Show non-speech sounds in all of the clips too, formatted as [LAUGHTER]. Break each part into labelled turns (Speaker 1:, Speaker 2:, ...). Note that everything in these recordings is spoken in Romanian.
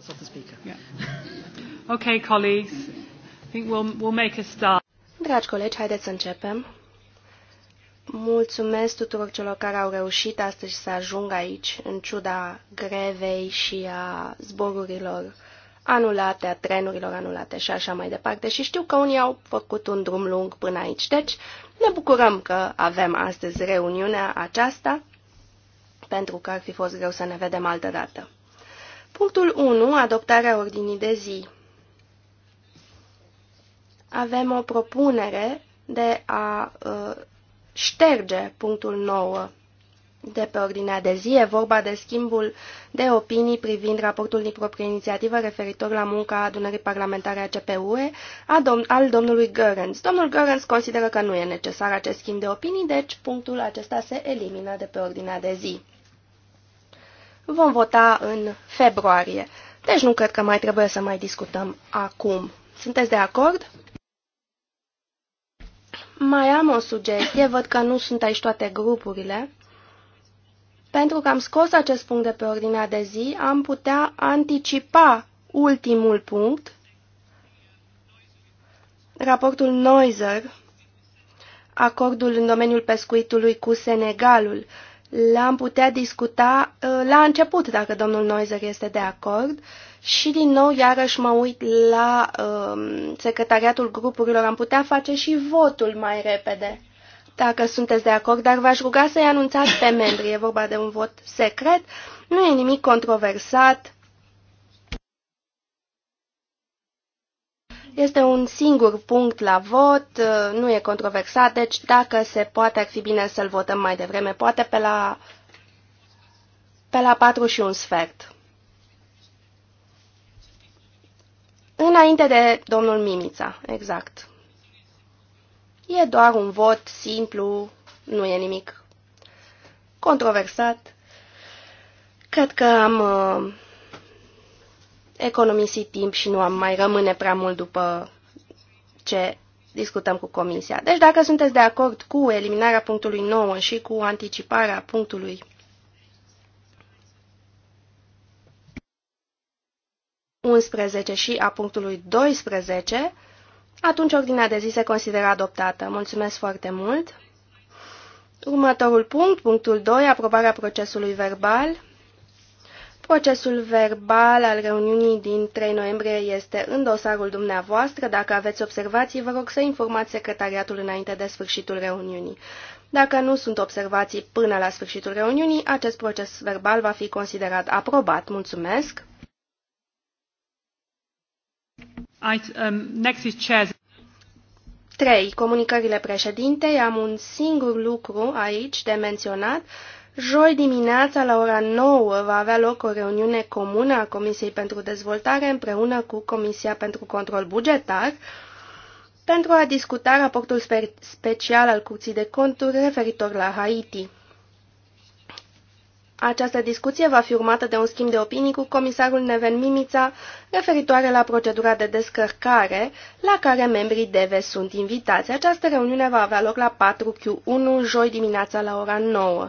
Speaker 1: That's not the speaker. Yeah. okay, colleagues. I think we'll, we'll make a start. Dragi colegi, haideți să începem. Mulțumesc tuturor celor care au reușit astăzi să ajungă aici, în ciuda grevei și a zborurilor anulate, a trenurilor anulate și așa mai departe. Și știu că unii au făcut un drum lung până aici. Deci ne bucurăm că avem astăzi reuniunea aceasta, pentru că ar fi fost greu să ne vedem altă dată. Punctul 1. Adoptarea ordinii de zi. Avem o propunere de a uh, șterge punctul 9 de pe ordinea de zi. E vorba de schimbul de opinii privind raportul din proprie inițiativă referitor la munca adunării parlamentare a CPUE a dom al domnului Görens. Domnul Görens consideră că nu e necesar acest schimb de opinii, deci punctul acesta se elimină de pe ordinea de zi vom vota în februarie. Deci nu cred că mai trebuie să mai discutăm acum. Sunteți de acord? Mai am o sugestie, văd că nu sunt aici toate grupurile. Pentru că am scos acest punct de pe ordinea de zi, am putea anticipa ultimul punct, raportul Noiser, acordul în domeniul pescuitului cu Senegalul l-am putea discuta uh, la început, dacă domnul Noizer este de acord. Și din nou, iarăși mă uit la uh, secretariatul grupurilor, am putea face și votul mai repede, dacă sunteți de acord, dar v-aș ruga să-i anunțați pe membri, e vorba de un vot secret, nu e nimic controversat, Este un singur punct la vot, uh, nu e controversat, deci dacă se poate ar fi bine să-l votăm mai devreme, poate pe la, pe la 4 și un sfert. Înainte de domnul Mimița, exact. E doar un vot simplu, nu e nimic controversat. Cred că am... Uh, economisit timp și nu am mai rămâne prea mult după ce discutăm cu comisia. Deci dacă sunteți de acord cu eliminarea punctului 9 și cu anticiparea punctului și a punctului 12, atunci ordinea de zi se consideră adoptată. Mulțumesc foarte mult! Următorul punct, punctul 2, aprobarea procesului verbal. Procesul verbal al reuniunii din 3 noiembrie este în dosarul dumneavoastră. Dacă aveți observații, vă rog să informați secretariatul înainte de sfârșitul reuniunii. Dacă nu sunt observații până la sfârșitul reuniunii, acest proces verbal va fi considerat aprobat. Mulțumesc! I, um, next is chairs. 3. Comunicările președintei. Am un singur lucru aici de menționat Joi dimineața, la ora 9, va avea loc o reuniune comună a Comisiei pentru Dezvoltare împreună cu Comisia pentru Control Bugetar pentru a discuta raportul special al Curții de Conturi referitor la Haiti. Această discuție va fi urmată de un schimb de opinii cu comisarul Neven Mimița referitoare la procedura de descărcare la care membrii DEVE sunt invitați. Această reuniune va avea loc la 4Q1, joi dimineața la ora 9.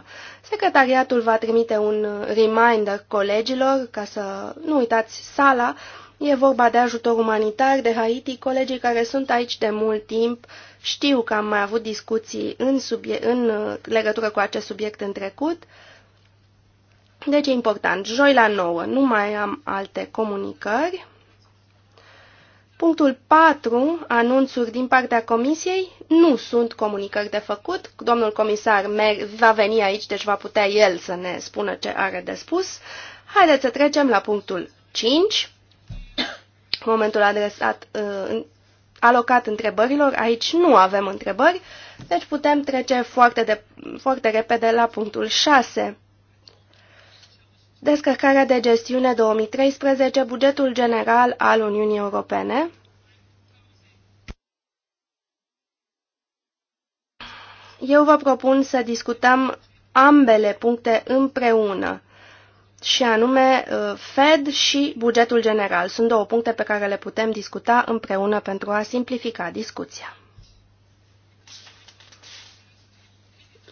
Speaker 1: Secretariatul va trimite un reminder colegilor ca să nu uitați sala. E vorba de ajutor umanitar de Haiti. Colegii care sunt aici de mult timp știu că am mai avut discuții în, subie- în uh, legătură cu acest subiect în trecut. Deci e important. Joi la 9 nu mai am alte comunicări. Punctul 4, anunțuri din partea comisiei, nu sunt comunicări de făcut. Domnul comisar va veni aici, deci va putea el să ne spună ce are de spus. Haideți să trecem la punctul 5, momentul adresat, uh, alocat întrebărilor. Aici nu avem întrebări, deci putem trece foarte, de, foarte repede la punctul 6 Descărcarea de gestiune 2013, bugetul general al Uniunii Europene. Eu vă propun să discutăm ambele puncte împreună, și anume uh, Fed și bugetul general. Sunt două puncte pe care le putem discuta împreună pentru a simplifica discuția.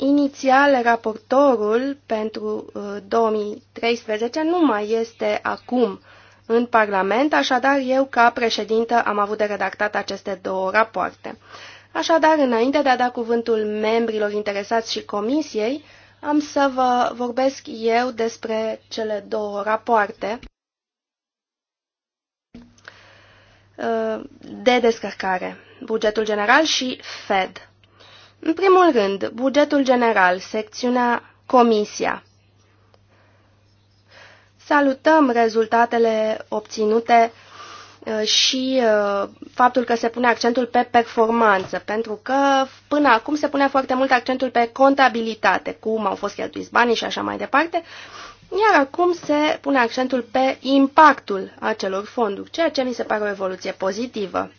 Speaker 1: Inițial, raportorul pentru 2013 uh, nu mai este acum în Parlament, așadar eu, ca președintă, am avut de redactat aceste două rapoarte. Așadar, înainte de a da cuvântul membrilor interesați și comisiei, am să vă vorbesc eu despre cele două rapoarte uh, de descărcare, bugetul general și Fed. În primul rând, bugetul general, secțiunea Comisia. Salutăm rezultatele obținute uh, și uh, faptul că se pune accentul pe performanță, pentru că până acum se pune foarte mult accentul pe contabilitate, cum au fost cheltuiți banii și așa mai departe, iar acum se pune accentul pe impactul acelor fonduri, ceea ce mi se pare o evoluție pozitivă.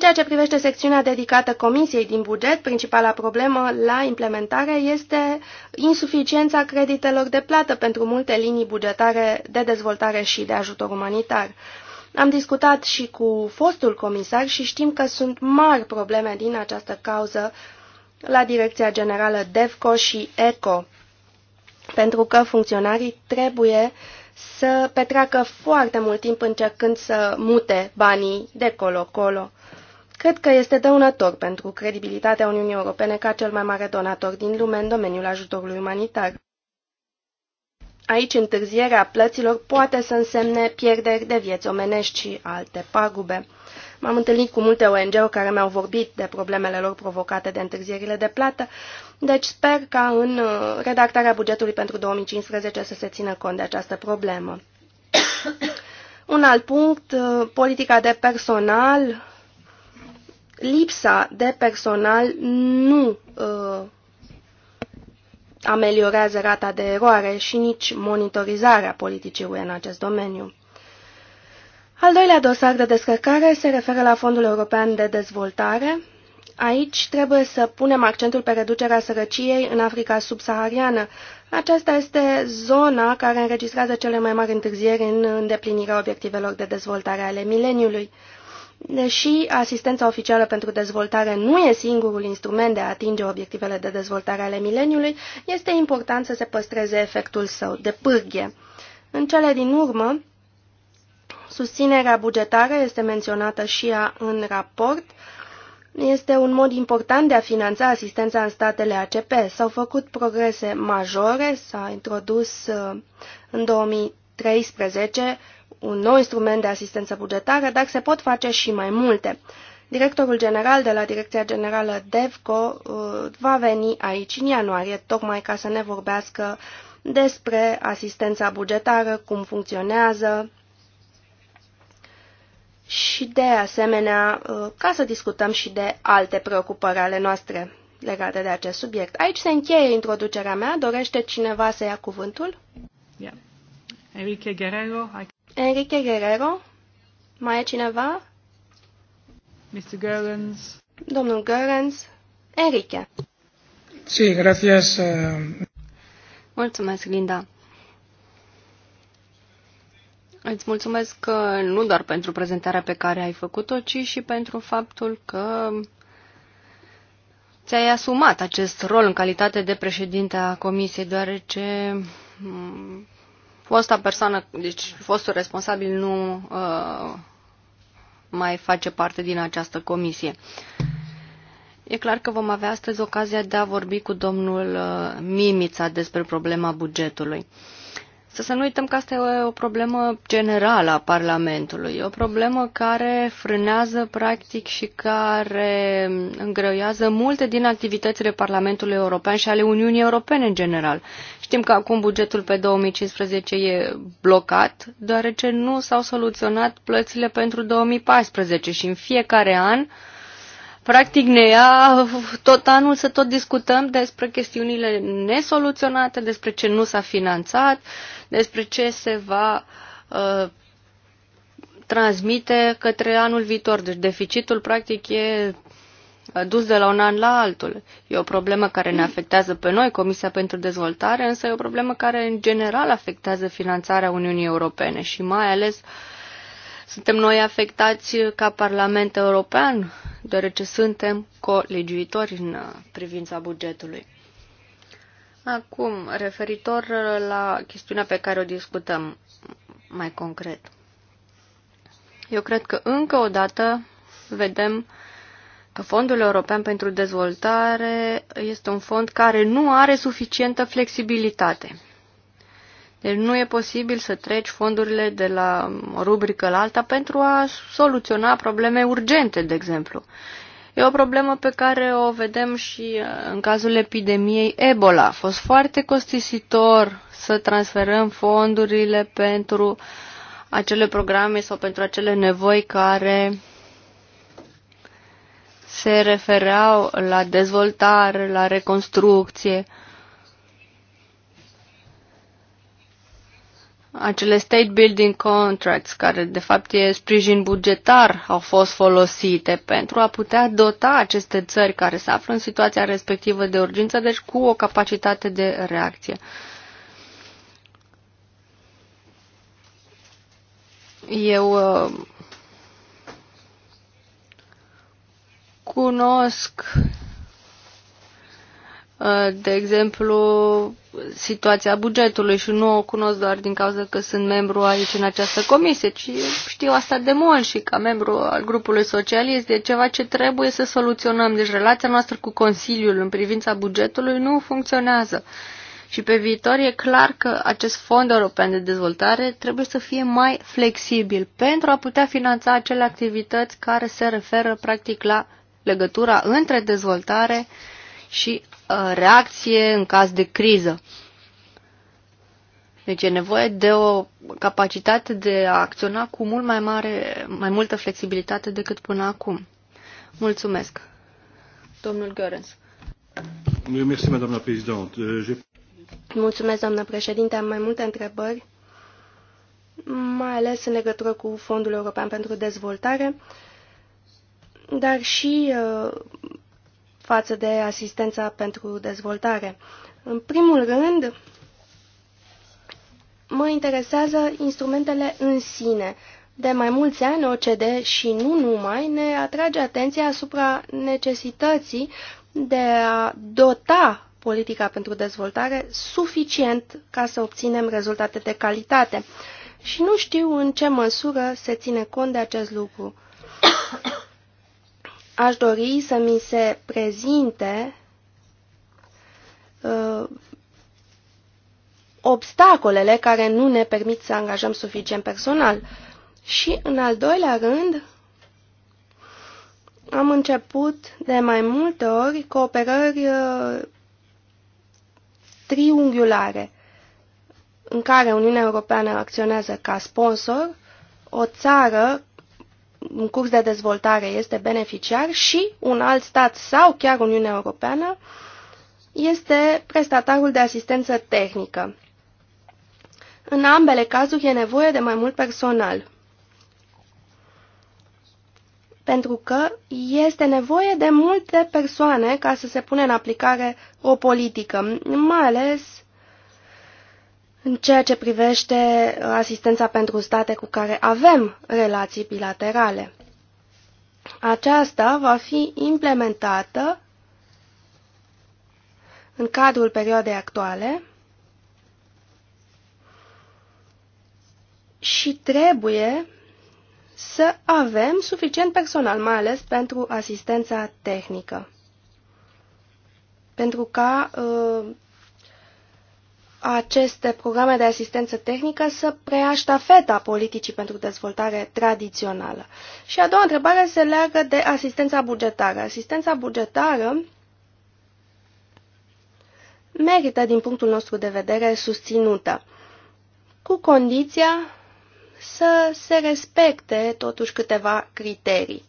Speaker 1: În ceea ce privește secțiunea dedicată Comisiei din buget, principala problemă la implementare este insuficiența creditelor de plată pentru multe linii bugetare de dezvoltare și de ajutor umanitar. Am discutat și cu fostul comisar și știm că sunt mari probleme din această cauză la Direcția Generală DEVCO și ECO, pentru că funcționarii trebuie să petreacă foarte mult timp încercând să mute banii de colo-colo. Cred că este dăunător pentru credibilitatea Uniunii Europene ca cel mai mare donator din lume în domeniul ajutorului umanitar. Aici întârzierea plăților poate să însemne pierderi de vieți omenești și alte pagube. M-am întâlnit cu multe ONG-uri care mi-au vorbit de problemele lor provocate de întârzierile de plată, deci sper ca în uh, redactarea bugetului pentru 2015 să se țină cont de această problemă. [COUGHS] Un alt punct, uh, politica de personal lipsa de personal nu uh, ameliorează rata de eroare și nici monitorizarea politicii UE în acest domeniu. Al doilea dosar de descărcare se referă la Fondul European de Dezvoltare. Aici trebuie să punem accentul pe reducerea sărăciei în Africa subsahariană. Aceasta este zona care înregistrează cele mai mari întârzieri în îndeplinirea obiectivelor de dezvoltare ale mileniului. Deși asistența oficială pentru dezvoltare nu e singurul instrument de a atinge obiectivele de dezvoltare ale mileniului, este important să se păstreze efectul său de pârghie. În cele din urmă, susținerea bugetară este menționată și ea în raport. Este un mod important de a finanța asistența în statele ACP. S-au făcut progrese majore, s-a introdus uh, în 2013 un nou instrument de asistență bugetară, dar se pot face și mai multe. Directorul general de la Direcția Generală DEVCO uh, va veni aici în ianuarie, tocmai ca să ne vorbească despre asistența bugetară, cum funcționează și de asemenea uh, ca să discutăm și de alte preocupări ale noastre legate de acest subiect. Aici se încheie introducerea mea. Dorește cineva să ia cuvântul? Yeah.
Speaker 2: Enrique Guerrero.
Speaker 1: I... Enrique Guerrero. Mai e cineva?
Speaker 2: Mr. Gerlens.
Speaker 1: Domnul Gerlens. Enrique.
Speaker 3: Sí, gracias. Eh.
Speaker 1: Mulțumesc, Linda. Îți mulțumesc
Speaker 2: nu doar pentru prezentarea pe care ai făcut-o, ci și pentru faptul că ți-ai asumat acest rol în calitate de președinte a Comisiei, deoarece mm, fosta persoană, deci fostul responsabil nu uh, mai face parte din această comisie. E clar că vom avea astăzi ocazia de a vorbi cu domnul uh, Mimița despre problema bugetului. Uh, să să nu uităm că asta e o problemă generală a Parlamentului, e o problemă care frânează practic și care îngreuiază multe din activitățile Parlamentului European și ale Uniunii Europene în general. Știm că acum bugetul pe 2015 e blocat, deoarece nu s-au soluționat plățile pentru 2014 și în fiecare an uh, practic ne ia tot anul să tot discutăm despre chestiunile nesoluționate, despre ce nu s-a finanțat, despre ce se va uh, transmite către anul viitor. Deci deficitul practic e dus de la un an la altul. E o problemă care ne afectează pe noi, Comisia pentru Dezvoltare, însă e o problemă care în general afectează finanțarea Uniunii Europene și mai ales uh, suntem noi afectați ca Parlament European, deoarece suntem colegiuitori în privința bugetului. Acum, referitor la chestiunea pe care o discutăm mai concret. Eu cred că încă o dată vedem că Fondul European pentru Dezvoltare este un fond care nu are suficientă flexibilitate. Deci nu e posibil să treci fondurile de la o rubrică la alta pentru a soluționa probleme urgente, de exemplu. E o problemă pe care o vedem și uh, în cazul epidemiei Ebola. A fost foarte costisitor să transferăm fondurile pentru acele programe sau pentru acele nevoi care se refereau la dezvoltare, la reconstrucție. acele state building contracts, care de fapt e sprijin bugetar, au fost folosite pentru a putea dota aceste țări care se află în situația respectivă de urgență, deci cu o capacitate de reacție. Eu uh, cunosc Uh, de exemplu, situația bugetului și nu o cunosc doar din cauza că sunt membru aici în această comisie, ci știu asta de mult și ca membru al grupului socialist e ceva ce trebuie să soluționăm. Deci relația noastră cu Consiliul în privința bugetului nu funcționează. Și pe viitor e clar că acest fond european de dezvoltare trebuie să fie mai flexibil pentru a putea finanța acele activități care se referă practic la legătura între dezvoltare și uh, reacție în caz de criză. Deci e nevoie de o capacitate de a acționa cu mult mai mare, mai multă flexibilitate decât până acum. Mulțumesc.
Speaker 1: Domnul Görens.
Speaker 2: Euh, Mulțumesc, doamna președinte.
Speaker 1: doamnă președinte. Am mai multe întrebări, mai ales în legătură cu Fondul European pentru Dezvoltare, dar și uh, față de asistența pentru dezvoltare. În primul rând, mă interesează instrumentele în sine. De mai mulți ani, OCD și nu numai, ne atrage atenția asupra necesității de a dota politica pentru dezvoltare suficient ca să obținem rezultate de calitate. Și nu știu în ce măsură se ține cont de acest lucru. Aș dori să mi se prezinte uh, obstacolele care nu ne permit să angajăm suficient personal. Și, în al doilea rând, am început de mai multe ori cooperări uh, triunghiulare, în care Uniunea Europeană acționează ca sponsor, o țară în curs de dezvoltare este beneficiar și un alt stat sau chiar Uniunea Europeană este prestatarul de asistență tehnică. În ambele cazuri e nevoie de mai mult personal, pentru că este nevoie de multe persoane ca să se pune în aplicare o politică, mai ales în ceea ce privește uh, asistența pentru state cu care avem relații bilaterale, aceasta va fi implementată în cadrul perioadei actuale și trebuie să avem suficient personal, mai ales pentru asistența tehnică. Pentru ca uh, aceste programe de asistență tehnică să preia ștafeta politicii pentru dezvoltare tradițională. Și a doua întrebare se leagă de asistența bugetară. Asistența bugetară merită, din punctul nostru de vedere, susținută, cu condiția să se respecte totuși câteva criterii.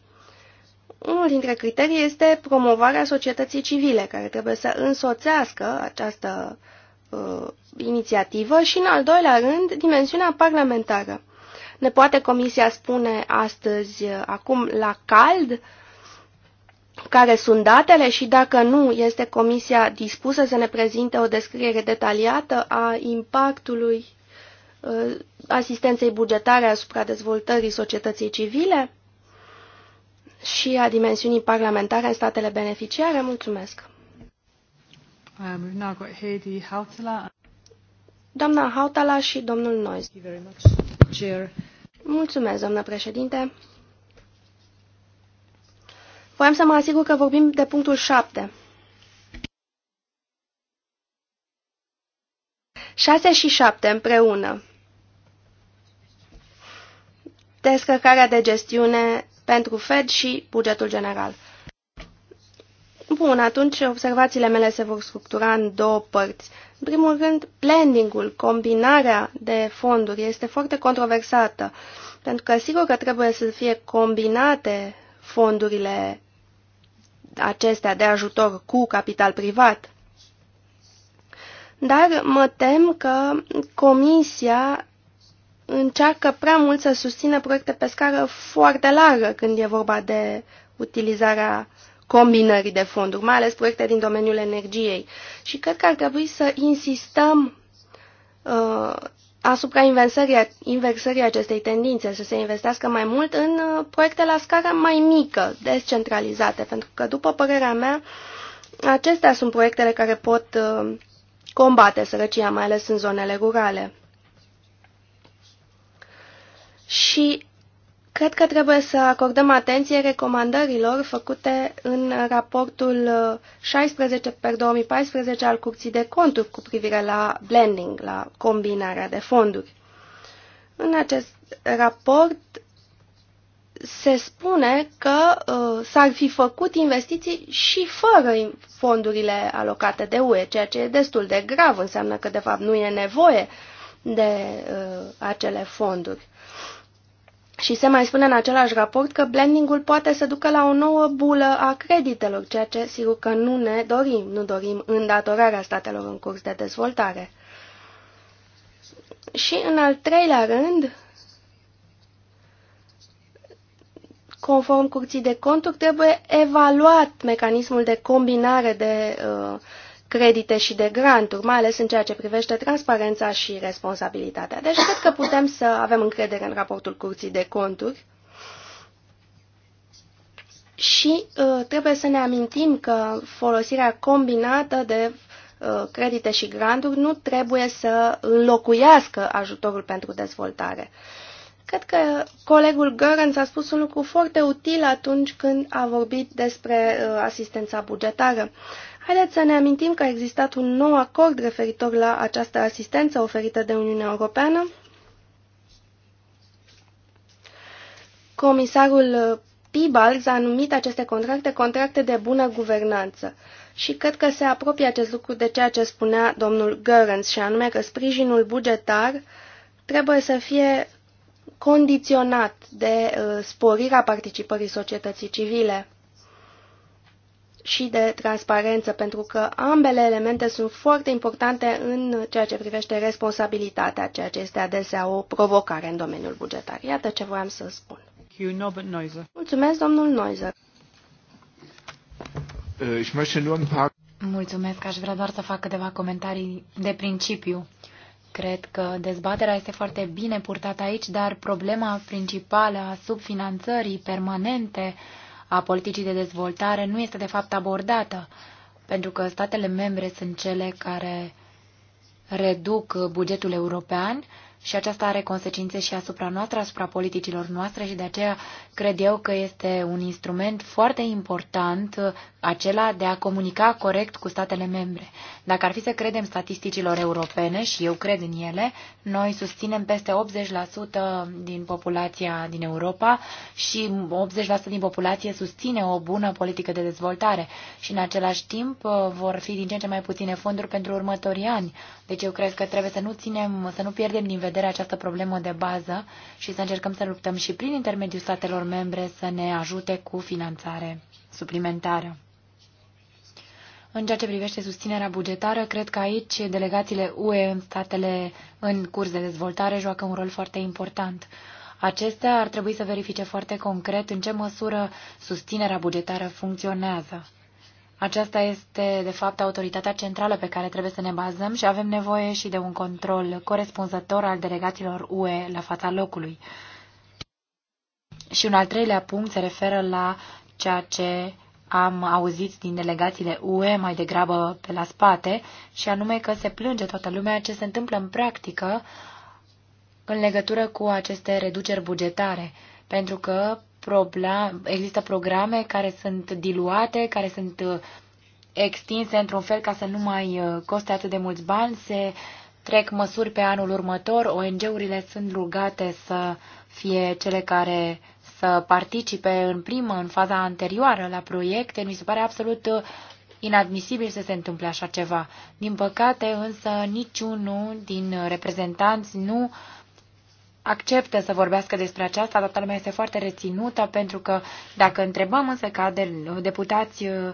Speaker 1: Unul dintre criterii este promovarea societății civile, care trebuie să însoțească această uh, uh, inițiativă și, în al doilea rând, dimensiunea parlamentară. Ne poate Comisia spune astăzi, uh, acum, la cald, care sunt datele și, dacă nu, este Comisia dispusă să ne prezinte o descriere detaliată a impactului uh, asistenței bugetare asupra dezvoltării societății civile? și a dimensiunii parlamentare în statele beneficiare. Mulțumesc! Um, we've now got Heidi Hautala. Doamna Hautala și domnul Noiz. Mulțumesc, doamnă președinte. Voiam să mă asigur că vorbim de punctul 7. 6 și 7 împreună. Descărcarea de gestiune pentru Fed și bugetul general. Bun, atunci observațiile mele se vor structura în două părți. În primul rând, blending-ul, combinarea de fonduri, este foarte controversată, pentru că sigur că trebuie să fie combinate fondurile acestea de ajutor cu capital privat. Dar mă tem că Comisia încearcă prea mult să susțină proiecte pe scară foarte largă când e vorba de utilizarea combinării de fonduri, mai ales proiecte din domeniul energiei. Și cred că ar trebui să insistăm uh, asupra inversării, inversării acestei tendințe, să se investească mai mult în uh, proiecte la scară mai mică, descentralizate, pentru că, după părerea mea, acestea sunt proiectele care pot uh, combate sărăcia, mai ales în zonele rurale. Și Cred că trebuie să acordăm atenție recomandărilor făcute în raportul 16 per 2014 al Curții de Conturi cu privire la blending, la combinarea de fonduri. În acest raport se spune că uh, s-ar fi făcut investiții și fără fondurile alocate de UE, ceea ce e destul de grav, înseamnă că de fapt nu e nevoie de uh, acele fonduri. Și se mai spune în același raport că blendingul poate să ducă la o nouă bulă a creditelor, ceea ce sigur că nu ne dorim, nu dorim îndatorarea statelor în curs de dezvoltare. Și în al treilea rând, conform curții de conturi, trebuie evaluat mecanismul de combinare de uh, credite și de granturi, mai ales în ceea ce privește transparența și responsabilitatea. Deci cred că putem să avem încredere în raportul Curții de Conturi și uh, trebuie să ne amintim că folosirea combinată de uh, credite și granturi nu trebuie să înlocuiască ajutorul pentru dezvoltare. Cred că colegul Görens a spus un lucru foarte util atunci când a vorbit despre uh, asistența bugetară. Uh, Haideți să ne amintim că a existat un nou acord referitor la această asistență oferită de Uniunea Europeană. Comisarul Pibals a numit aceste contracte contracte de bună guvernanță și cred că se apropie acest lucru de ceea ce spunea domnul Görens și anume că sprijinul bugetar trebuie să fie condiționat de uh, sporirea participării societății civile și de transparență, pentru că ambele elemente sunt foarte importante în ceea ce privește responsabilitatea, ceea ce este adesea o provocare în domeniul bugetar. Iată ce voiam să spun. Mulțumesc, domnul Neuser.
Speaker 3: Äh, Mulțumesc, aș vrea doar să fac câteva comentarii de principiu. Cred că dezbaterea este foarte bine purtată aici, dar problema principală a subfinanțării permanente uh, a politicii de dezvoltare nu este de fapt abordată, pentru că statele membre sunt cele care reduc bugetul european și aceasta are consecințe și asupra noastră, asupra politicilor noastre și de aceea cred eu că este un instrument foarte important uh, acela de a comunica corect cu statele membre. Dacă ar fi să credem statisticilor europene, și eu cred în ele, noi susținem peste 80% din populația din Europa și 80% din populație susține o bună politică de dezvoltare și în același timp uh, vor fi din ce în ce mai puține fonduri pentru următorii ani. Deci eu cred că trebuie să nu ținem, să nu pierdem din vedere vedere această problemă de bază și să încercăm să luptăm și prin intermediul statelor membre să ne ajute cu finanțare suplimentară. În ceea ce privește susținerea bugetară, cred că aici delegațiile UE în statele în curs de dezvoltare joacă un rol foarte important. Acestea ar trebui să verifice foarte concret în ce măsură susținerea bugetară funcționează. Aceasta este, de fapt, autoritatea centrală pe care trebuie să ne bazăm și avem nevoie și de un control corespunzător al delegaților UE la fața locului. Și un al treilea punct se referă la ceea ce am auzit din delegațiile UE mai degrabă pe la spate, și anume că se plânge toată lumea ce se întâmplă în practică în legătură cu aceste reduceri bugetare, pentru că există programe care sunt diluate, care sunt uh, extinse într-un fel ca să nu mai uh, coste atât de mulți bani, se trec măsuri pe anul următor, ONG-urile sunt rugate să fie cele care să participe în primă, în faza anterioară la proiecte, mi se pare absolut uh, inadmisibil să se întâmple așa ceva. Din păcate, însă, niciunul din reprezentanți nu uh, acceptă să vorbească despre aceasta, toată lumea este foarte reținută, pentru că dacă întrebăm însă ca de, deputați uh,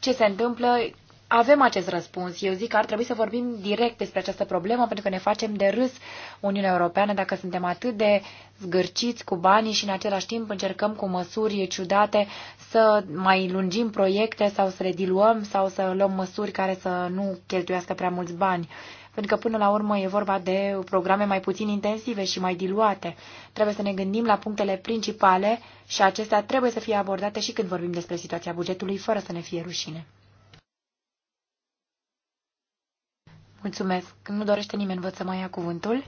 Speaker 3: ce se întâmplă, avem acest răspuns. Eu zic că ar trebui să vorbim direct despre această problemă, pentru că ne facem de râs Uniunea Europeană dacă suntem atât de zgârciți cu banii și în același timp încercăm cu măsuri ciudate să mai lungim proiecte sau să le diluăm sau să luăm măsuri care să nu cheltuiască prea mulți bani pentru că până la urmă e vorba de programe mai puțin intensive și mai diluate. Trebuie să ne gândim la punctele principale și acestea trebuie să fie abordate și când vorbim despre situația bugetului, fără să ne fie rușine. Mulțumesc. Când nu dorește nimeni, văd să mai ia cuvântul.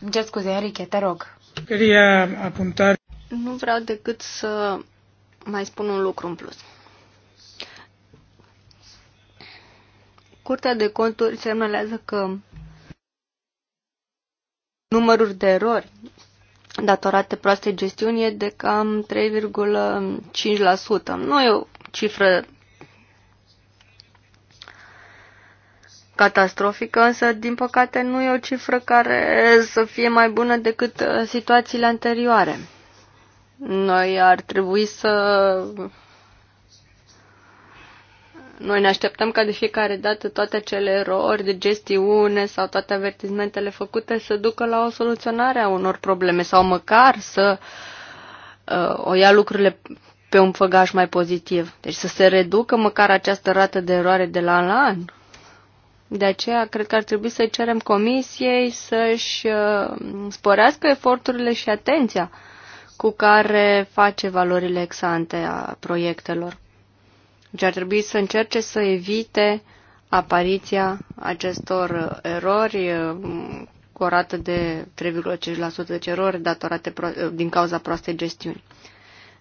Speaker 3: Îmi cer scuze, Enrique, te rog.
Speaker 1: Queria
Speaker 2: Nu vreau decât să mai spun un lucru în plus. Curtea de conturi semnalează că numărul de erori datorate proastei gestiuni e de cam 3,5%. Nu e o cifră catastrofică, însă, din păcate, nu e o cifră care să fie mai bună decât uh, situațiile anterioare. Noi ar trebui să noi ne așteptăm ca de fiecare dată toate cele erori de gestiune sau toate avertizmentele făcute să ducă la o soluționare a unor probleme sau măcar să uh, o ia lucrurile pe un făgaș mai pozitiv. Deci să se reducă măcar această rată de eroare de la an la an. De aceea, cred că ar trebui să cerem comisiei să-și uh, sporească eforturile și atenția cu care face valorile exante a proiectelor. Deci ar trebui să încerce să evite apariția acestor erori um, cu o rată de 3,5% de erori datorate uh, din cauza proastei gestiuni.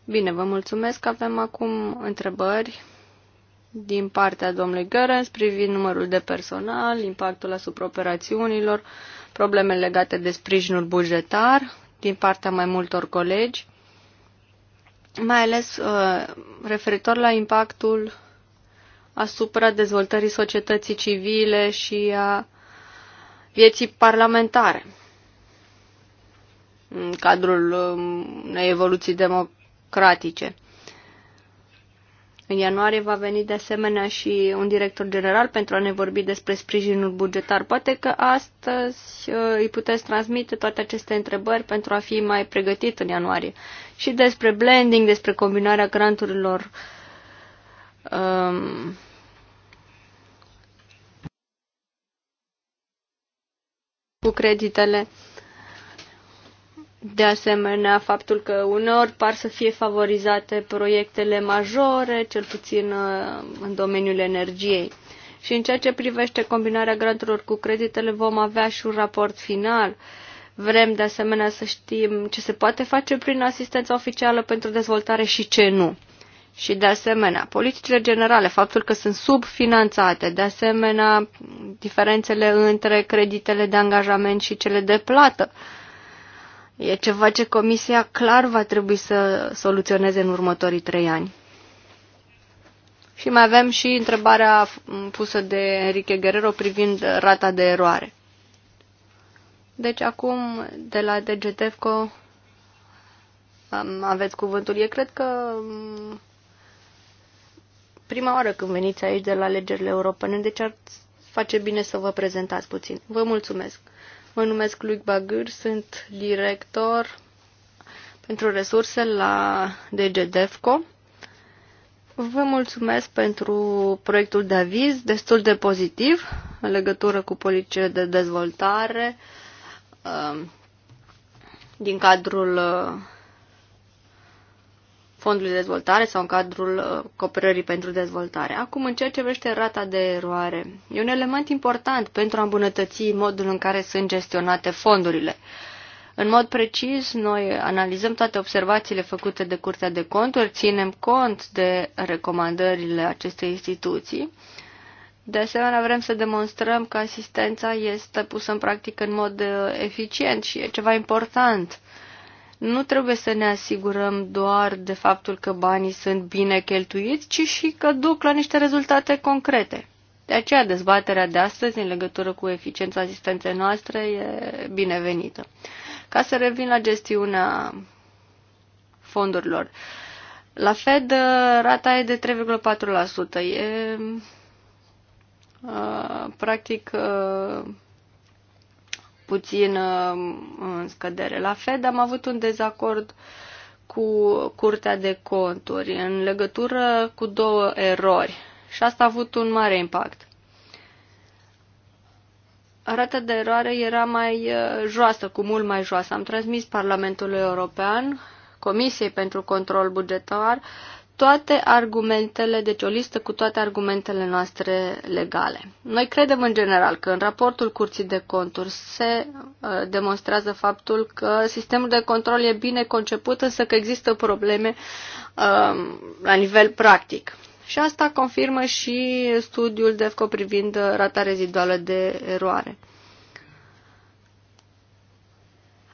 Speaker 2: Bine, vă mulțumesc. Avem acum întrebări din partea domnului Gărens privind numărul de personal, impactul asupra operațiunilor, probleme legate de sprijinul bugetar din partea mai multor colegi mai ales uh, referitor la impactul asupra dezvoltării societății civile și a vieții parlamentare în cadrul um, unei evoluții democratice. În ianuarie va veni de asemenea și un director general pentru a ne vorbi despre sprijinul bugetar. Poate că astăzi uh, îi puteți transmite toate aceste întrebări pentru a fi mai pregătit în ianuarie. Și despre blending, despre combinarea granturilor. Um, cu creditele. De asemenea, faptul că uneori par să fie favorizate proiectele majore, cel puțin uh, în domeniul energiei. Și în ceea ce privește combinarea granturilor cu creditele, vom avea și un raport final. Vrem de asemenea să știm ce se poate face prin asistența oficială pentru dezvoltare și ce nu. Și de asemenea, politicile generale, faptul că sunt subfinanțate, de asemenea, diferențele între creditele de angajament și cele de plată E ceva ce Comisia clar va trebui să soluționeze în următorii trei ani. Și mai avem și întrebarea pusă de Enrique Guerrero privind rata de eroare. Deci acum de la DGTFCO aveți cuvântul. Eu cred că prima oară când veniți aici de la alegerile europene, deci ar face bine să vă prezentați puțin. Vă mulțumesc! Mă numesc Luc Bagâr, sunt director pentru resurse la DGDEFCO. Vă mulțumesc pentru proiectul de aviz, destul de pozitiv, în legătură cu politicile de dezvoltare um, din cadrul uh, fondului de dezvoltare sau în cadrul uh, cooperării pentru dezvoltare. Acum, în ceea ce vrește rata de eroare, e un element important pentru a îmbunătăți modul în care sunt gestionate fondurile. În mod precis, noi analizăm toate observațiile făcute de Curtea de Conturi, ținem cont de recomandările acestei instituții. De asemenea, vrem să demonstrăm că asistența este pusă în practică în mod uh, eficient și e ceva important nu trebuie să ne asigurăm doar de faptul că banii sunt bine cheltuiți, ci și că duc la niște rezultate concrete. De aceea dezbaterea de astăzi în legătură cu eficiența asistenței noastre e binevenită. Ca să revin la gestiunea fondurilor. La Fed rata e de 3,4%. E uh, practic uh, puțin uh, în scădere. La Fed am avut un dezacord cu Curtea de Conturi în legătură cu două erori și asta a avut un mare impact. Rata de eroare era mai uh, joasă, cu mult mai joasă. Am transmis Parlamentului European, Comisiei pentru Control Bugetar, uh, toate argumentele, deci o listă cu toate argumentele noastre legale. Noi credem în general că în raportul Curții de Conturi se uh, demonstrează faptul că sistemul de control e bine conceput, însă că există probleme uh, la nivel practic. Și asta confirmă și studiul DEFCO privind rata reziduală de eroare.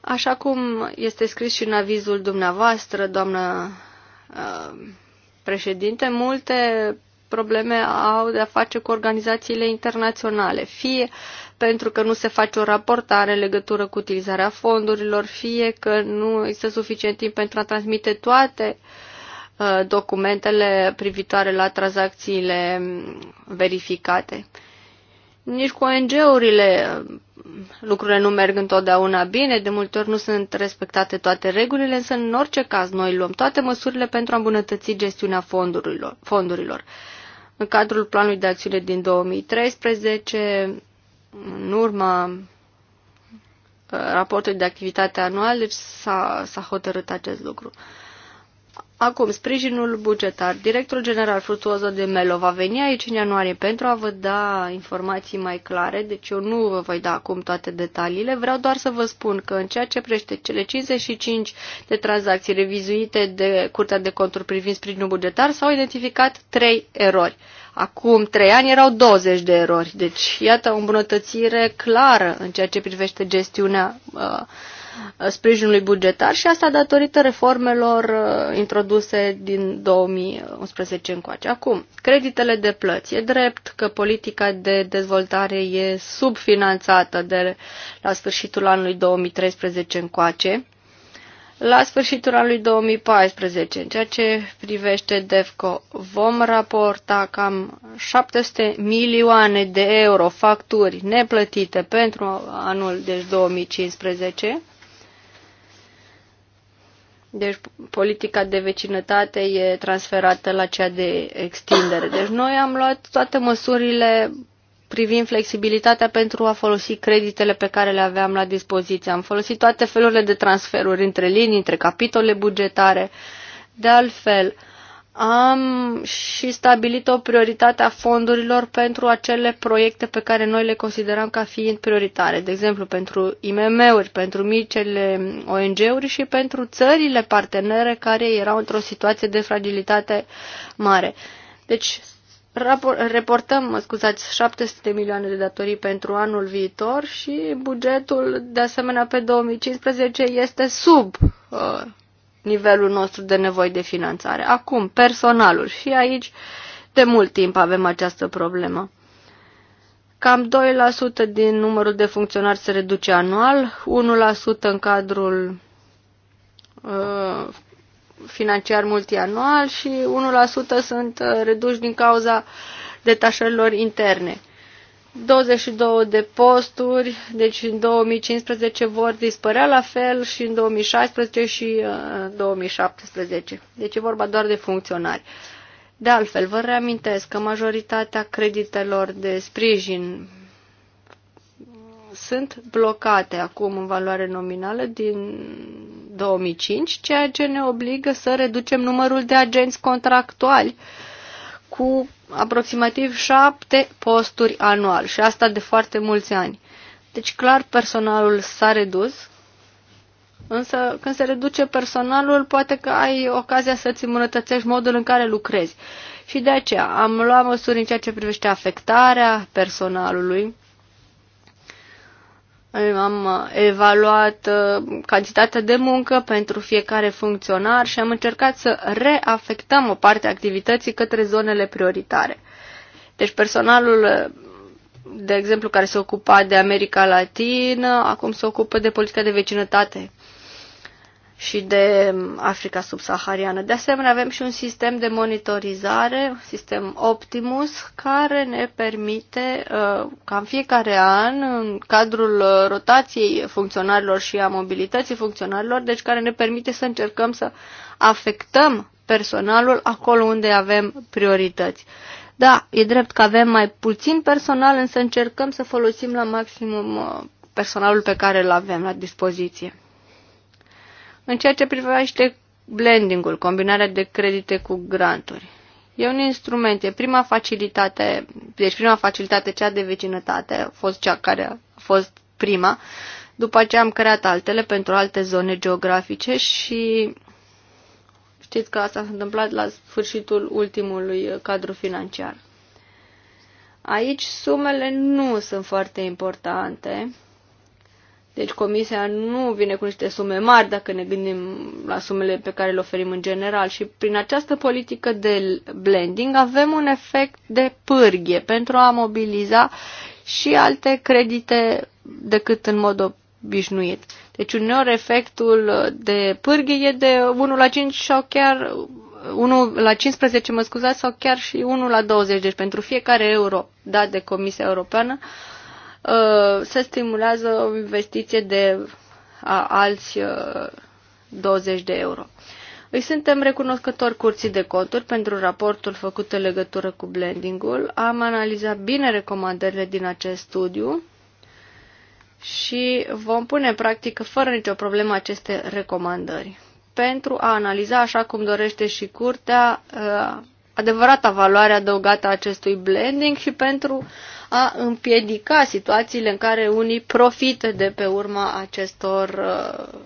Speaker 2: Așa cum este scris și în avizul dumneavoastră, doamnă um, președinte, multe probleme au de-a face cu organizațiile internaționale, fie pentru că nu se face o raportare în legătură cu utilizarea fondurilor, fie că nu există suficient timp pentru a transmite toate uh, documentele privitoare la tranzacțiile verificate. Nici cu ONG-urile lucrurile nu merg întotdeauna bine, de multe ori nu sunt respectate toate regulile, însă în orice caz noi luăm toate măsurile pentru a îmbunătăți gestiunea fondurilor. fondurilor. În cadrul planului de acțiune din 2013, în urma uh, raportului de activitate anual, deci s-a hotărât acest lucru. Uh, Acum, sprijinul bugetar. Directorul general Frutuozo de Melo va veni aici în ianuarie pentru a vă da informații mai clare, deci eu nu vă voi da acum toate detaliile. Vreau doar să vă spun că în ceea ce prește cele 55 de tranzacții revizuite de Curtea de Conturi privind sprijinul bugetar, s-au identificat trei erori. Acum trei ani erau 20 de erori, deci iată o îmbunătățire clară în ceea ce privește gestiunea uh, sprijinului bugetar și asta datorită reformelor uh, introduse din 2011 încoace. Acum, creditele de plăți. E drept că politica de dezvoltare e subfinanțată de la sfârșitul anului 2013 încoace la sfârșitul anului 2014. În ceea ce privește DEFCO, vom raporta cam 700 milioane de euro facturi neplătite pentru anul deci 2015. Deci politica de vecinătate e transferată la cea de extindere. Deci noi am luat toate măsurile privind flexibilitatea pentru a folosi creditele pe care le aveam la dispoziție. Am folosit toate felurile de transferuri între linii, între capitole bugetare. De altfel, am și stabilit o prioritate a fondurilor pentru acele proiecte pe care noi le consideram ca fiind prioritare, de exemplu pentru IMM-uri, pentru micile ONG-uri și pentru țările partenere care erau într-o situație de fragilitate mare. Deci reportăm, scuzați, 700 de milioane de datorii pentru anul viitor și bugetul, de asemenea, pe 2015 este sub uh, nivelul nostru de nevoi de finanțare. Acum, personalul. Și aici, de mult timp avem această problemă. Cam 2% din numărul de funcționari se reduce anual, 1% în cadrul uh, financiar multianual și 1% sunt uh, reduși din cauza detașărilor interne. 22 de posturi, deci în 2015 vor dispărea la fel și în 2016 și în uh, 2017. Deci e vorba doar de funcționari. De altfel, vă reamintesc că majoritatea creditelor de sprijin sunt blocate acum în valoare nominală din 2005, ceea ce ne obligă să reducem numărul de agenți contractuali cu aproximativ șapte posturi anual și asta de foarte mulți ani. Deci clar personalul s-a redus, însă când se reduce personalul poate că ai ocazia să-ți îmbunătățești modul în care lucrezi. Și de aceea am luat măsuri în ceea ce privește afectarea personalului, am uh, evaluat uh, cantitatea de muncă pentru fiecare funcționar și am încercat să reafectăm o parte a activității către zonele prioritare. Deci personalul, uh, de exemplu, care se ocupa de America Latină, acum se ocupă de politica de vecinătate și de Africa subsahariană. De asemenea, avem și un sistem de monitorizare, un sistem Optimus, care ne permite uh, ca în fiecare an, în cadrul uh, rotației funcționarilor și a mobilității funcționarilor, deci care ne permite să încercăm să afectăm personalul acolo unde avem priorități. Da, e drept că avem mai puțin personal, însă încercăm să folosim la maximum uh, personalul pe care îl avem la dispoziție. În ceea ce privește blending-ul, combinarea de credite cu granturi, e un instrument, e prima facilitate, deci prima facilitate, cea de vecinătate, a fost cea care a fost prima, după aceea am creat altele pentru alte zone geografice și știți că asta s-a întâmplat la sfârșitul ultimului uh, cadru financiar. Aici sumele nu sunt foarte importante, deci comisia nu vine cu niște sume mari dacă ne gândim la sumele pe care le oferim în general și prin această politică de blending avem un efect de pârghie pentru a mobiliza și alte credite decât în mod obișnuit. Deci uneori efectul de pârghie e de 1 la 5 sau chiar 1 la 15, mă scuzați, sau chiar și 1 la 20. Deci pentru fiecare euro dat de Comisia Europeană, Uh, se stimulează o investiție de alți 20 uh, de euro. Îi suntem recunoscători curții de conturi pentru raportul făcut în legătură cu blendingul. Am analizat bine recomandările din acest studiu și vom pune în practică fără nicio problemă aceste recomandări pentru a analiza, așa cum dorește și curtea, uh, adevărata valoare adăugată a acestui blending și pentru a împiedica situațiile în care unii profită de pe urma acestor uh,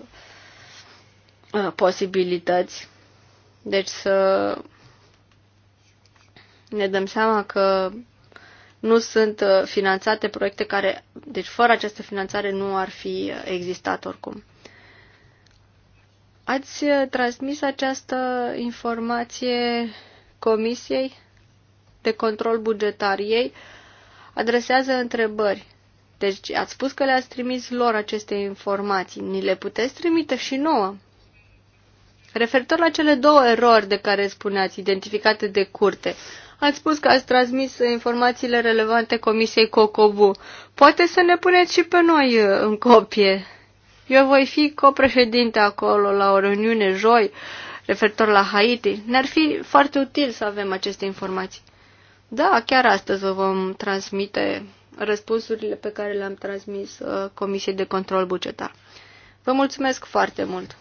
Speaker 2: uh, posibilități. Deci să ne dăm seama că nu sunt uh, finanțate proiecte care, deci fără această finanțare nu ar fi existat oricum. Ați transmis această informație Comisiei de Control Bugetar ei? Uh, adresează întrebări. Deci ați spus că le-ați trimis lor aceste informații. Ni le puteți trimite și nouă. Referitor la cele două erori de care spuneați, identificate de curte, ați spus că ați transmis informațiile relevante Comisiei COCOVU. Poate să ne puneți și pe noi uh, în copie. Eu voi fi copreședinte acolo la o reuniune joi referitor la Haiti. Ne-ar fi foarte util să avem aceste informații. Da, chiar astăzi vă vom transmite răspunsurile pe care le-am transmis uh, Comisiei de Control Bugetar. Vă mulțumesc foarte mult!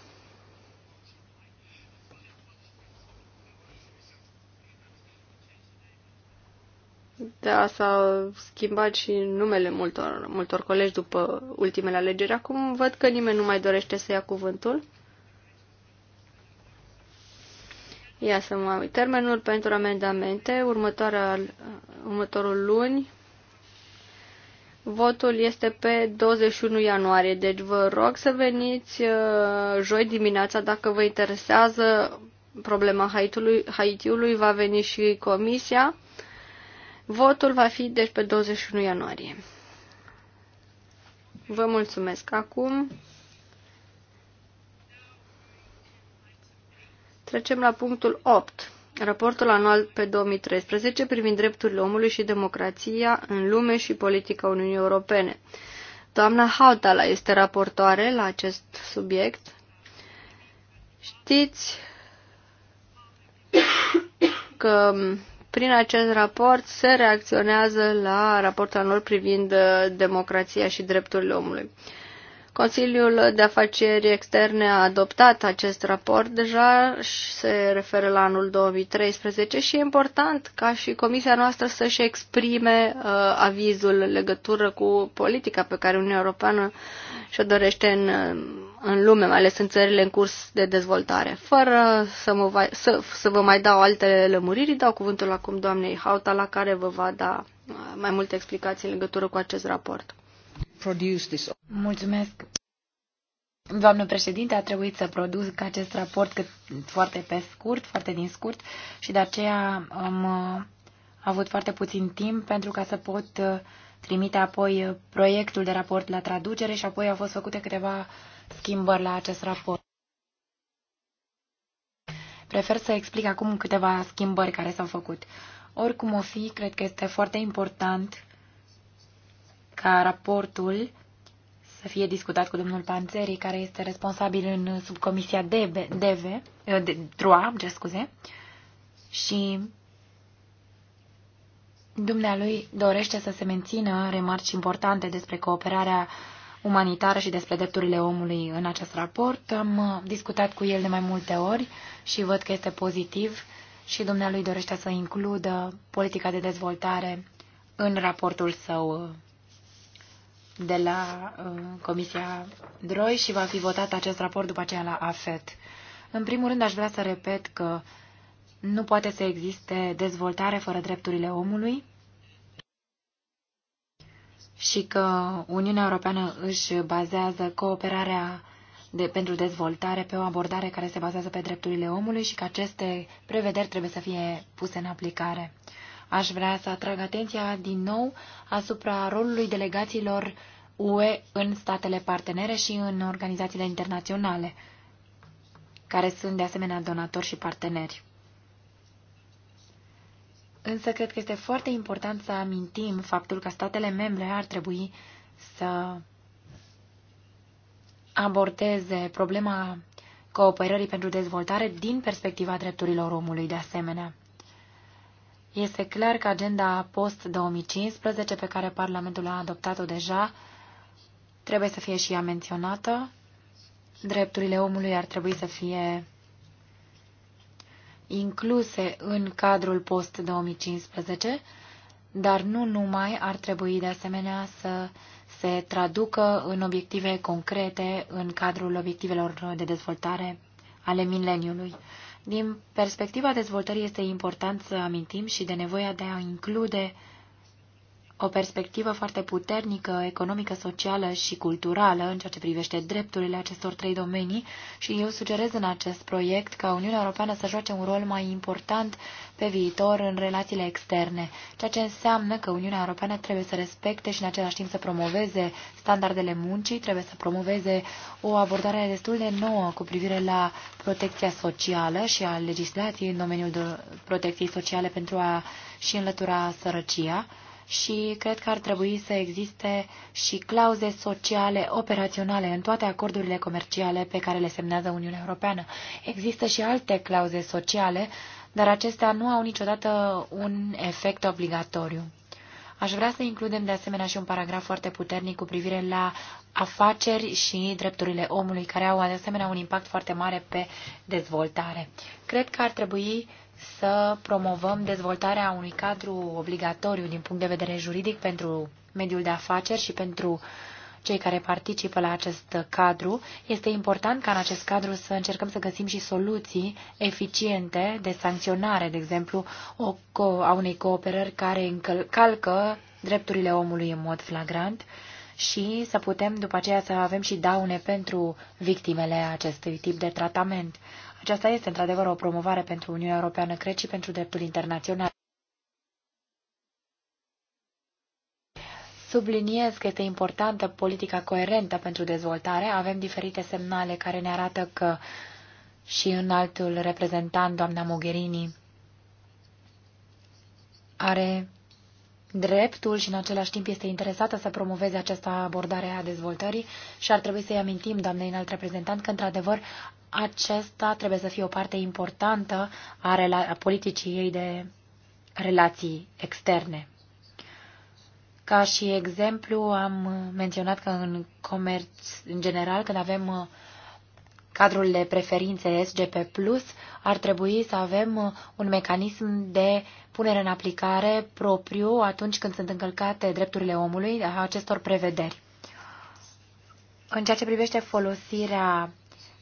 Speaker 2: Da, s-a schimbat și numele multor, multor colegi după ultimele alegeri. Acum văd că nimeni nu mai dorește să ia cuvântul. Ia să mă uit. Termenul pentru amendamente, următoarea, următorul luni, Votul este pe 21 ianuarie, deci vă rog să veniți uh, joi dimineața dacă vă interesează problema Haitiului, Haitiului, va veni și comisia. Votul va fi deci pe 21 ianuarie. Vă mulțumesc acum. Trecem la punctul 8. Raportul anual pe 2013 privind drepturile omului și democrația în lume și politica Uniunii Europene. Doamna Hautala este raportoare la acest subiect. Știți că prin acest raport se reacționează la raportul anual privind uh, democrația și drepturile omului. Consiliul de Afaceri Externe a adoptat acest raport deja și se referă la anul 2013 și e important ca și Comisia noastră să-și exprime uh, avizul în legătură cu politica pe care Uniunea Europeană și-o dorește în, uh, în lume, mai ales în țările în curs de dezvoltare. Fără să, mă va, să, să vă mai dau alte lămuriri, dau cuvântul acum doamnei Hauta, la care vă va da uh, mai multe explicații în legătură cu acest raport produce
Speaker 3: this. Mulțumesc. Doamnă președinte, a trebuit să produc acest raport cât foarte pe scurt, foarte din scurt și de aceea am uh, avut foarte puțin timp pentru ca să pot uh, trimite apoi uh, proiectul de raport la traducere și apoi au fost făcute câteva schimbări la acest raport. Prefer să explic acum câteva schimbări care s-au făcut. Oricum o fi, cred că este foarte important ca raportul să fie discutat cu domnul Panțeri, care este responsabil în subcomisia Deve, DV, eh, de, DROA, cer scuze, și dumnealui dorește să se mențină remarci importante despre cooperarea umanitară și despre drepturile omului în acest raport. Am uh, discutat cu el de mai multe ori și văd că este pozitiv și dumnealui dorește să includă politica de dezvoltare în raportul său uh, de la uh, Comisia DROI și va fi votat acest raport după aceea la AFET. În primul rând aș vrea să repet că nu poate să existe dezvoltare fără drepturile omului și că Uniunea Europeană își bazează cooperarea de, pentru dezvoltare pe o abordare care se bazează pe drepturile omului și că aceste prevederi trebuie să fie puse în aplicare. Aș vrea să atrag atenția din nou asupra rolului delegațiilor UE în statele partenere și în organizațiile internaționale, care sunt de asemenea donatori și parteneri. Însă cred că este foarte important să amintim faptul că statele membre ar trebui să abordeze problema cooperării pentru dezvoltare din perspectiva drepturilor omului de asemenea. Este clar că agenda post-2015, pe care Parlamentul a adoptat-o deja, trebuie să fie și ea menționată. Drepturile omului ar trebui să fie incluse în cadrul post-2015, dar nu numai ar trebui de asemenea să se traducă în obiective concrete în cadrul obiectivelor de dezvoltare ale mileniului. Din perspectiva dezvoltării este important să amintim și de nevoia de a include o perspectivă foarte puternică, economică, socială și culturală în ceea ce privește drepturile acestor trei domenii și eu sugerez în acest proiect ca Uniunea Europeană să joace un rol mai important pe viitor în relațiile externe, ceea ce înseamnă că Uniunea Europeană trebuie să respecte și în același timp să promoveze standardele muncii, trebuie să promoveze o abordare destul de nouă cu privire la protecția socială și a legislației în domeniul protecției sociale pentru a și înlătura sărăcia, și cred că ar trebui să existe și clauze sociale operaționale în toate acordurile comerciale pe care le semnează Uniunea Europeană. Există și alte clauze sociale, dar acestea nu au niciodată un efect obligatoriu. Aș vrea să includem de asemenea și un paragraf foarte puternic cu privire la afaceri și drepturile omului, care au de asemenea un impact foarte mare pe dezvoltare. Cred că ar trebui să promovăm dezvoltarea unui cadru obligatoriu din punct de vedere juridic pentru mediul de afaceri și pentru cei care participă la acest cadru. Este important ca în acest cadru să încercăm să găsim și soluții eficiente de sancționare, de exemplu, o, a unei cooperări care încalcă drepturile omului în mod flagrant și să putem după aceea să avem și daune pentru victimele acestui tip de tratament. Aceasta deci este într-adevăr o promovare pentru Uniunea Europeană, cred și pentru dreptul internațional. Subliniez că este importantă politica coerentă pentru dezvoltare. Avem diferite semnale care ne arată că și în altul reprezentant, doamna Mogherini, are dreptul și în același timp este interesată să promoveze această abordare a dezvoltării și ar trebui să-i amintim, doamnei înalt reprezentant, că într-adevăr acesta trebuie să fie o parte importantă a, a politicii ei de relații externe. Ca și exemplu, am menționat că în comerț, în general, când avem cadrul de preferințe SGP ar trebui să avem uh, un mecanism de punere în aplicare propriu atunci când sunt încălcate drepturile omului a acestor prevederi. În ceea ce privește folosirea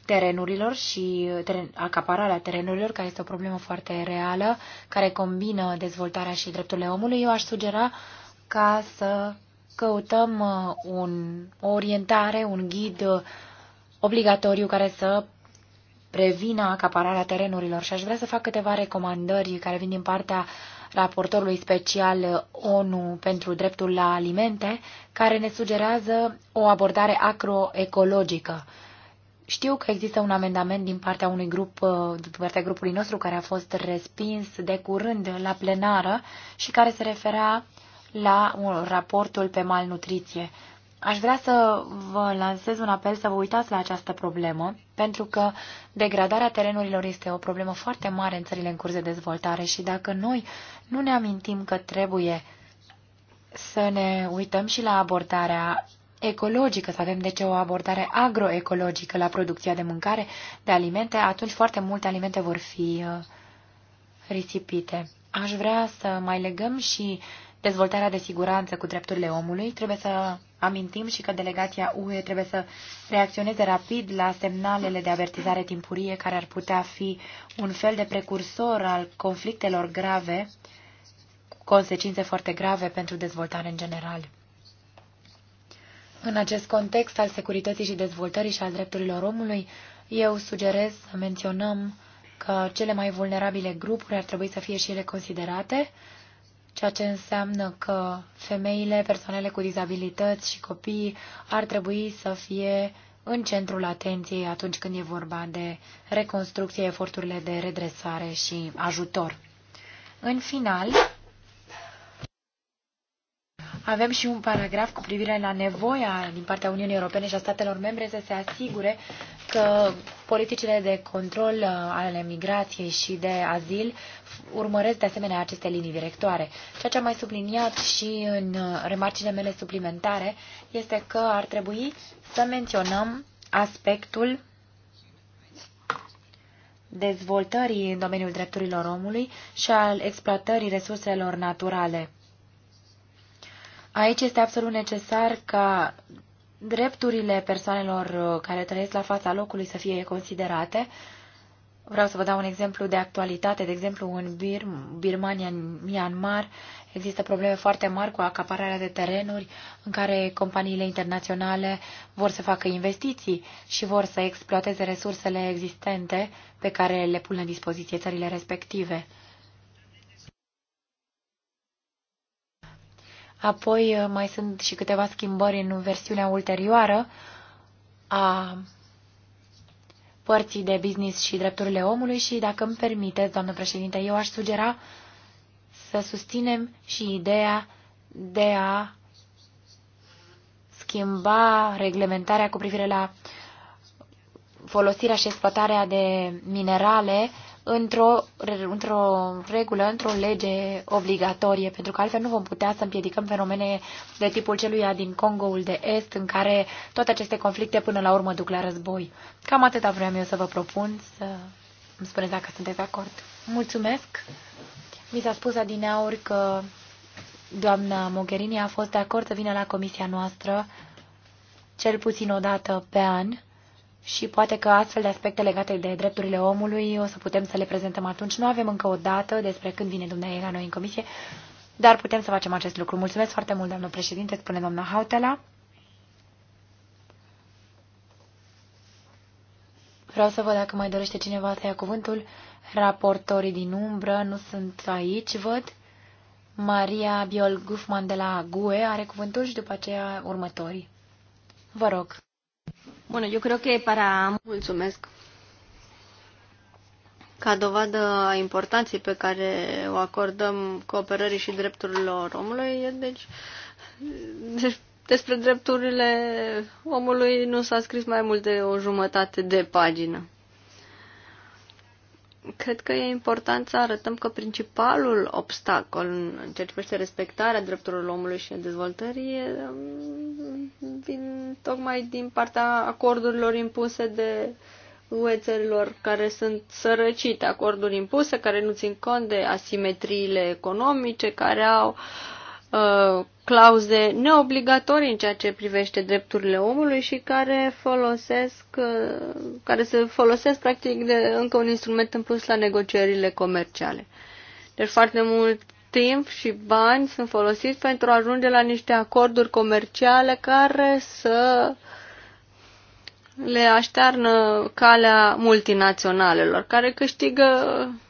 Speaker 3: terenurilor și uh, teren, acapararea terenurilor, care este o problemă foarte reală, care combină dezvoltarea și drepturile omului, eu aș sugera ca să căutăm uh, un, o orientare, un ghid obligatoriu care să prevină acapararea terenurilor și aș vrea să fac câteva recomandări care vin din partea raportorului special ONU pentru dreptul la alimente, care ne sugerează o abordare acroecologică. Știu că există un amendament din partea unui grup, din partea grupului nostru, care a fost respins de curând la plenară și care se referea la raportul pe malnutriție. Aș vrea să vă lansez un apel să vă uitați la această problemă, pentru că degradarea terenurilor este o problemă foarte mare în țările în curs de dezvoltare și dacă noi nu ne amintim că trebuie să ne uităm și la abordarea ecologică, să avem de deci, ce o abordare agroecologică la producția de mâncare, de alimente, atunci foarte multe alimente vor fi uh, risipite. Aș vrea să mai legăm și uh, dezvoltarea de siguranță cu drepturile omului, trebuie să amintim și că delegația UE trebuie să reacționeze rapid la semnalele de avertizare timpurie care ar putea fi un fel de precursor al conflictelor grave, consecințe foarte grave pentru dezvoltare în general. În acest context al securității și dezvoltării și al drepturilor omului, eu sugerez să menționăm că cele mai vulnerabile grupuri ar trebui să fie și ele considerate, ceea ce înseamnă că femeile, persoanele cu dizabilități și copiii ar trebui să fie în centrul atenției atunci când e vorba de reconstrucție, eforturile de redresare și ajutor. În final, avem și un paragraf cu privire la nevoia din partea Uniunii Europene și a statelor membre să se asigure că politicile de control uh, ale migrației și de azil urmăresc de asemenea aceste linii directoare. Ceea ce am mai subliniat și în uh, remarcile mele suplimentare este că ar trebui să menționăm aspectul dezvoltării în domeniul drepturilor omului și al exploatării resurselor naturale Aici este absolut necesar ca drepturile persoanelor uh, care trăiesc la fața locului să fie considerate. Vreau să vă dau un exemplu de actualitate. De exemplu, în Birm, Birmania, în Myanmar, există probleme foarte mari cu acapararea de terenuri în care companiile internaționale vor să facă investiții și vor să exploateze resursele existente pe care le pun la dispoziție țările respective. Apoi uh, mai sunt și câteva schimbări în versiunea ulterioară a părții de business și drepturile omului și, dacă îmi permiteți, doamnă președinte, eu aș sugera să susținem și ideea de a schimba reglementarea cu privire la folosirea și exploatarea de minerale într-o într, -o, regulă, într-o lege obligatorie, pentru că altfel nu vom putea să împiedicăm fenomene de tipul celuia din Congoul de Est, în care toate aceste conflicte până la urmă duc la război. Cam atâta vreau eu să vă propun, să îmi spuneți dacă sunteți de acord. Mulțumesc! Mi s-a spus adineauri că doamna Mogherini a fost de acord să vină la comisia noastră cel puțin o dată pe an, și poate că astfel de aspecte legate de drepturile omului o să putem să le prezentăm atunci. Nu avem încă o dată despre când vine dumneavoastră la noi în comisie, dar putem să facem acest lucru. Mulțumesc foarte mult, doamnă președinte, spune doamna Hautela. Vreau să văd dacă mai dorește cineva să ia cuvântul. Raportorii din umbră nu sunt aici, văd. Maria Biol Gufman de la GUE are cuvântul și după aceea următorii. Vă
Speaker 2: rog. Bună, eu cred că e para... Mulțumesc. Ca dovadă a importanței pe care o acordăm cooperării și drepturilor omului, deci, deci despre drepturile omului nu s-a scris mai mult de o jumătate de pagină cred că e important să arătăm că principalul obstacol în ceea ce privește respectarea drepturilor omului și a dezvoltării mm, vin tocmai din partea acordurilor impuse de UE țărilor care sunt sărăcite, acorduri impuse care nu țin cont de asimetriile economice, care au uh, Uh, clauze neobligatorii în ceea ce privește drepturile omului și care folosesc, uh, care se folosesc practic de încă un instrument în plus la negocierile comerciale. Deci foarte mult timp și bani sunt folosiți pentru a ajunge la niște acorduri comerciale care să le aștearnă calea multinaționalelor, care câștigă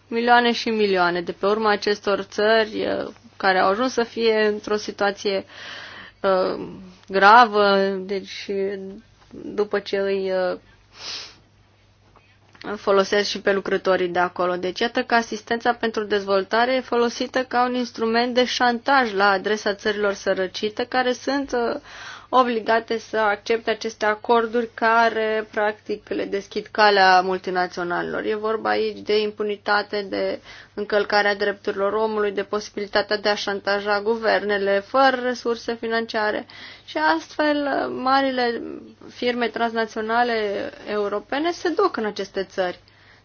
Speaker 2: milioane și milioane de pe urma acestor țări uh, care au ajuns să fie într-o situație uh, gravă, deci după ce îi uh, folosesc și pe lucrătorii de acolo. Deci iată că asistența pentru dezvoltare e folosită ca un instrument de șantaj la adresa țărilor sărăcite care sunt uh, obligate să accepte aceste acorduri care, practic, le deschid calea multinaționalilor. E vorba aici de impunitate, de încălcarea drepturilor omului, de posibilitatea de a șantaja guvernele fără resurse financiare și astfel marile firme transnaționale europene se duc în aceste țări.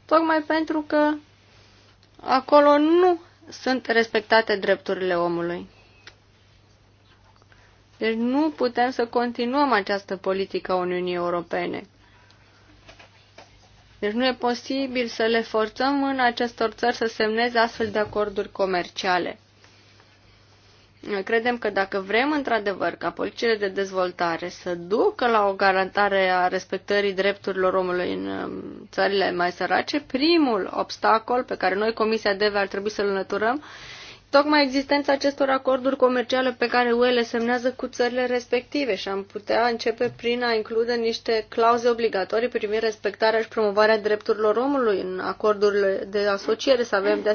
Speaker 2: Tocmai pentru că acolo nu sunt respectate drepturile omului. Deci nu putem să continuăm această politică a Uniunii Europene. Deci nu e posibil să le forțăm în acestor țări să semneze astfel de acorduri comerciale. Noi credem că dacă vrem într-adevăr ca politicile de dezvoltare să ducă la o garantare a respectării drepturilor omului în um, țările mai sărace, primul obstacol pe care noi, Comisia DEVE, ar trebui să-l înlăturăm tocmai existența acestor acorduri comerciale pe care UE le semnează cu țările respective și am putea începe prin a include niște clauze obligatorii privind respectarea și promovarea drepturilor omului în acordurile de asociere, să avem de